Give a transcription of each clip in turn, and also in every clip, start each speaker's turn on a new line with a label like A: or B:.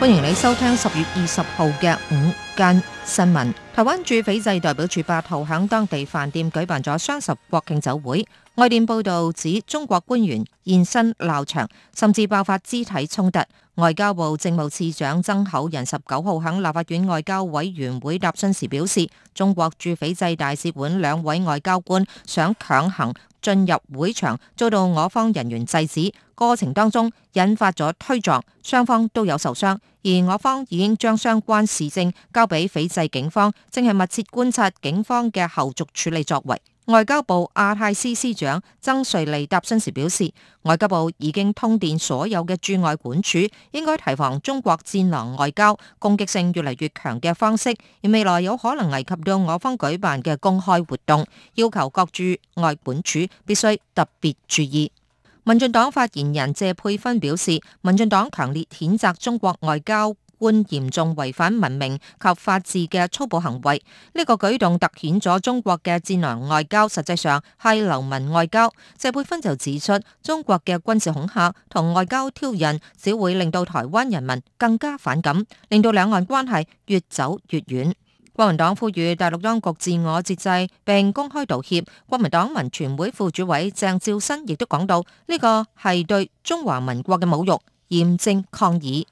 A: 歡迎你收聽十月二十號嘅午間新聞。台灣駐斐濟代表處八號喺當地飯店舉辦咗雙十國慶酒會，外電報道指中國官員現身鬧場，甚至爆發肢體衝突。外交部政務次長曾厚仁十九號喺立法院外交委員會答詢時表示，中國駐斐濟大使館兩位外交官想強行進入會場，遭到我方人員制止，過程當中引發咗推撞，雙方都有受傷，而我方已經將相關事證交俾斐濟警方，正係密切觀察警方嘅後續處理作為。外交部亞太司司長曾瑞利答詢時表示，外交部已經通電所有嘅駐外館處，應該提防中國戰狼外交攻擊性越嚟越強嘅方式，而未來有可能危及到我方舉辦嘅公開活動，要求各駐外館處必須特別注意。民進黨發言人謝佩芬表示，民進黨強烈譴責中國外交官嚴重違反文明及法治嘅粗暴行為，呢、這個舉動凸顯咗中國嘅戰狼外交，實際上係流氓外交。謝佩芬就指出，中國嘅軍事恐嚇同外交挑釁只會令到台灣人民更加反感，令到兩岸關係越走越遠，國民黨呼籲大陸當局自我節制並公開道歉。國民黨民權會副主委鄭照新亦都講到，呢、這個係對中華民國嘅侮辱，嚴正抗議。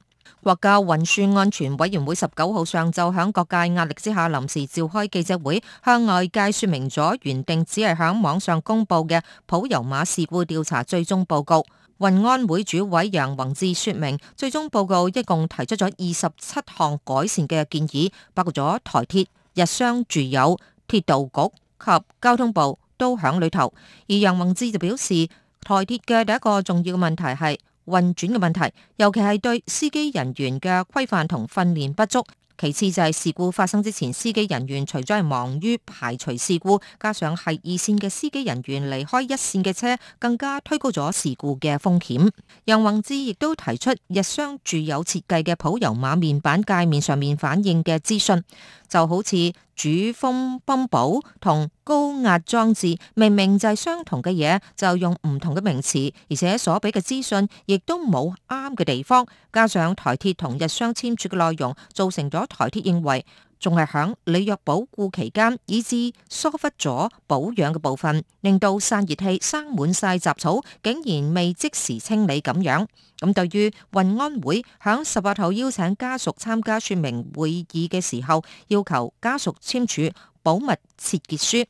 A: 國家運輸安全委員會十九號上晝喺各界壓力之下臨時召開記者會，向外界說明咗原定只係響網上公布嘅普悠瑪事故調查最終報告。運安會主委楊宏智說明，最終報告一共提出咗二十七項改善嘅建議，包括咗台鐵、日商住友、鐵道局及交通部都響裏頭。而楊宏智就表示，台鐵嘅第一個重要嘅問題係。運轉嘅問題，尤其係對司機人員嘅規範同訓練不足。其次就係事故發生之前，司機人員除咗係忙於排除事故，加上係二線嘅司機人員離開一線嘅車，更加推高咗事故嘅風險。楊宏智亦都提出日商住有設計嘅普悠瑪面板界面上面反映嘅資訊，就好似主風泵浦同高壓裝置，明明就係相同嘅嘢，就用唔同嘅名詞，而且所俾嘅資訊亦都冇啱嘅地方，加上台鐵同日商簽署嘅內容，造成咗台鐵認為。仲係喺履約保固期間，以致疏忽咗保養嘅部分，令到散熱器生滿晒雜草，竟然未即時清理咁樣。咁對於運安會喺十八號邀請家屬參加說明會議嘅時候，要求家屬簽署保密切結書，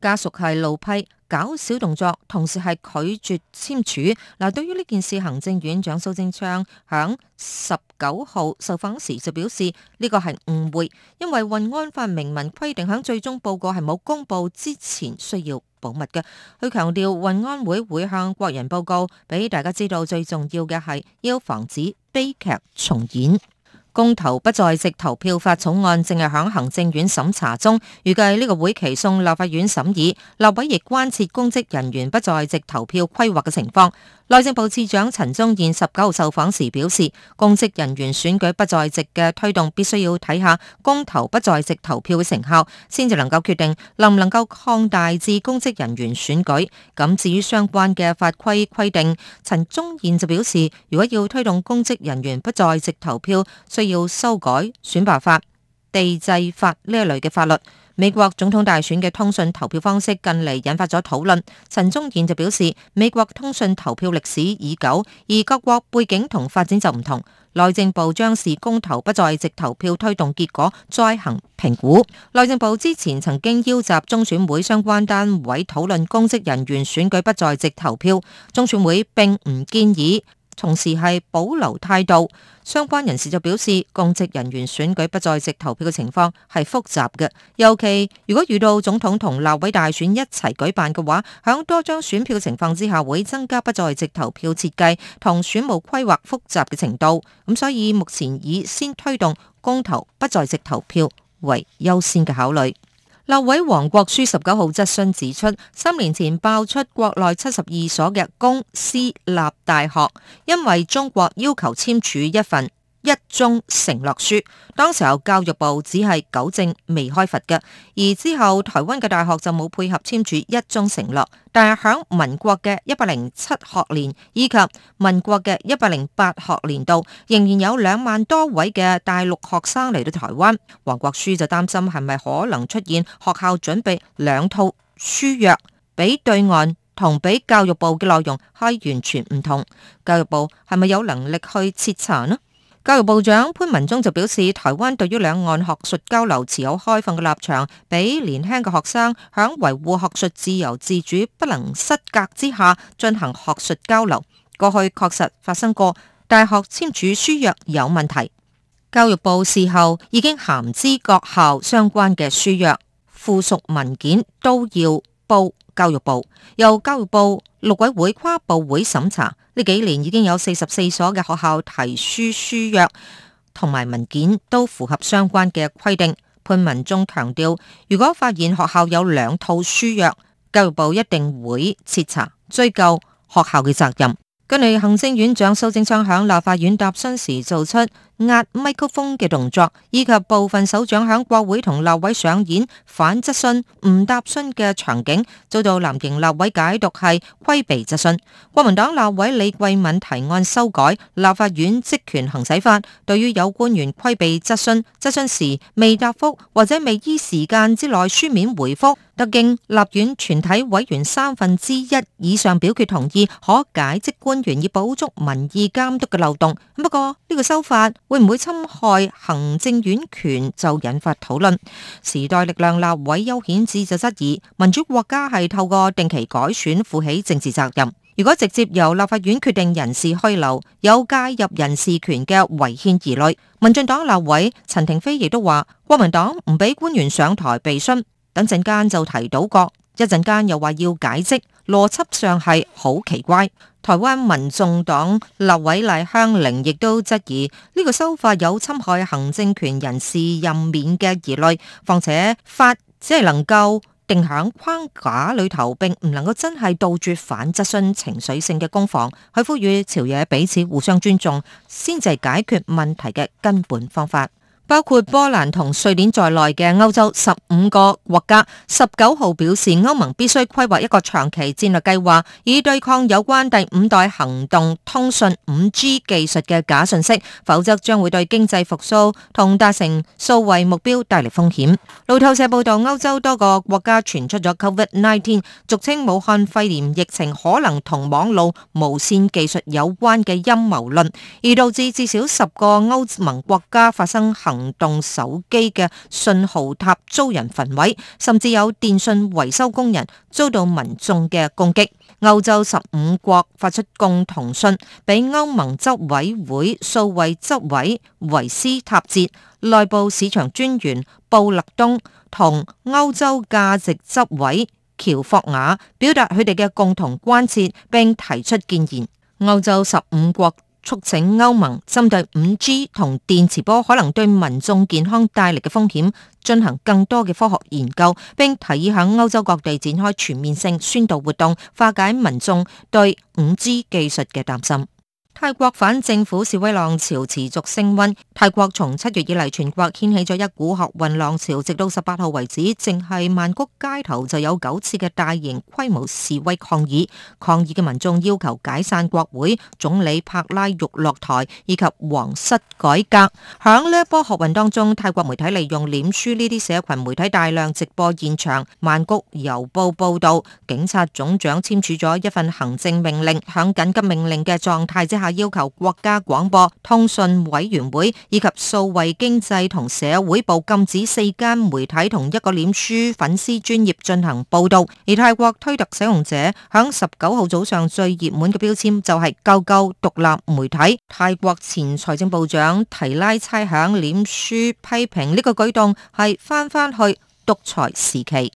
A: 家屬係路批。搞小動作，同時係拒絕簽署。嗱，對於呢件事，行政院長蘇貞昌響十九號受訪時就表示，呢個係誤會，因為《運安法》明文規定，喺最終報告係冇公布之前需要保密嘅。佢強調，運安會會向國人報告，俾大家知道。最重要嘅係要防止悲劇重演。公投不在籍投票法草案正係響行政院審查中，預計呢個會期送立法院審議。立委亦關切公職人員不在籍投票規劃嘅情況。內政部次長陳宗彥十九號受訪時表示，公職人員選舉不在籍嘅推動，必須要睇下公投不在籍投票嘅成效，先至能夠決定能唔能夠擴大至公職人員選舉。咁至於相關嘅法規規定，陳宗彥就表示，如果要推動公職人員不在籍投票，需要修改《選罷法》《地制法》呢一類嘅法律。美國總統大選嘅通訊投票方式近嚟引發咗討論，陳忠健就表示，美國通訊投票歷史已久，而各國背景同發展就唔同。內政部將視公投不在籍投票推動結果再行評估。內政部之前曾經邀集中選會相關單位討論公職人員選舉不在籍投票，中選會並唔建議。同時係保留態度，相關人士就表示，公職人員選舉不在籍投票嘅情況係複雜嘅，尤其如果遇到總統同立委大選一齊舉辦嘅話，響多張選票嘅情況之下，會增加不在籍投票設計同選務規劃複雜嘅程度。咁所以目前以先推動公投不在籍投票為優先嘅考慮。立委王國書十九號質詢指出，三年前爆出國內七十二所嘅公私立大學，因為中國要求簽署一份。一中承諾書，當時候教育部只係糾正未開罰嘅，而之後台灣嘅大學就冇配合簽署一中承諾。但係響民國嘅一百零七學年以及民國嘅一百零八學年度，仍然有兩萬多位嘅大陸學生嚟到台灣。黃國書就擔心係咪可能出現學校準備兩套書約，俾對岸同俾教育部嘅內容係完全唔同？教育部係咪有能力去徹查呢？教育部長潘文忠就表示，台灣對於兩岸學術交流持有開放嘅立場，俾年輕嘅學生響維護學術自由自主不能失格之下進行學術交流。過去確實發生過大學簽署書約有問題，教育部事後已經函知各校相關嘅書約附屬文件都要報教育部，由教育部。陸委會跨部會審查，呢幾年已經有四十四所嘅學校提書輸約，同埋文件都符合相關嘅規定。潘文忠強調，如果發現學校有兩套輸約，教育部一定會徹查追究學校嘅責任。根據行政院長蘇貞昌響立法院答詢時做出。壓麥克風嘅動作，以及部分首長響國會同立委上演反質詢、唔答詢嘅場景，遭到藍營立委解讀係規避質詢。國民黨立委李貴敏提案修改《立法院職權行使法》，對於有官員規避質詢、質詢時未答覆或者未依時間之內書面回覆，特經立院全體委員三分之一以上表決同意，可解職官員以補足民意監督嘅漏洞。不過呢個修法。會唔會侵害行政院權就引發討論。時代力量立委邱顯智就質疑民主國家係透過定期改選負起政治責任，如果直接由立法院決定人事去留，有介入人事權嘅違憲疑慮。民進黨立委陳亭妃亦都話，國民黨唔俾官員上台備詢，等陣間就提到國，一陣間又話要解職。邏輯上係好奇怪。台灣民眾黨立委賴香伶亦都質疑呢個修法有侵害行政權人事任免嘅疑慮，況且法只係能夠定響框架裏頭，並唔能夠真係杜絕反質詢情緒性嘅攻防。去呼籲朝野彼此互相尊重，先至係解決問題嘅根本方法。包括波蘭同瑞典在內嘅歐洲十五個國家，十九號表示歐盟必須規劃一個長期戰略計劃，以對抗有關第五代行動通訊五 G 技術嘅假信息，否則將會對經濟復甦同達成數位目標帶嚟風險。路透社報道，歐洲多個國家傳出咗 COVID-19，俗稱武漢肺炎疫情可能同網路無線技術有關嘅陰謀論，而導致至少十個歐盟國家發生行行動手機嘅信號塔遭人焚毀，甚至有電信維修工人遭到民眾嘅攻擊。歐洲十五國發出共同信，俾歐盟執委會數位執委維斯塔捷、內部市場專員布勒東同歐洲價值執委喬霍雅，表達佢哋嘅共同關切，並提出建言。歐洲十五國。促請歐盟針對五 G 同電磁波可能對民眾健康帶來嘅風險，進行更多嘅科學研究，並提議在歐洲各地展開全面性宣導活動，化解民眾對五 G 技術嘅擔心。泰國反政府示威浪潮持續升溫。泰國從七月以嚟，全國掀起咗一股學運浪潮，直到十八號為止，淨係曼谷街頭就有九次嘅大型規模示威抗議。抗議嘅民眾要求解散國會、總理柏拉育落台以及皇室改革。響呢一波學運當中，泰國媒體利用臉書呢啲社群媒體大量直播現場。曼谷郵報報道，警察總長簽署咗一份行政命令，響緊急命令嘅狀態之下。要求國家廣播通訊委員會以及數位經濟同社會部禁止四間媒體同一個臉書粉絲專業進行報道，而泰國推特使用者響十九號早上最熱門嘅標籤就係救救獨立媒體。泰國前財政部長提拉猜響臉書批評呢個舉動係返返去獨裁時期。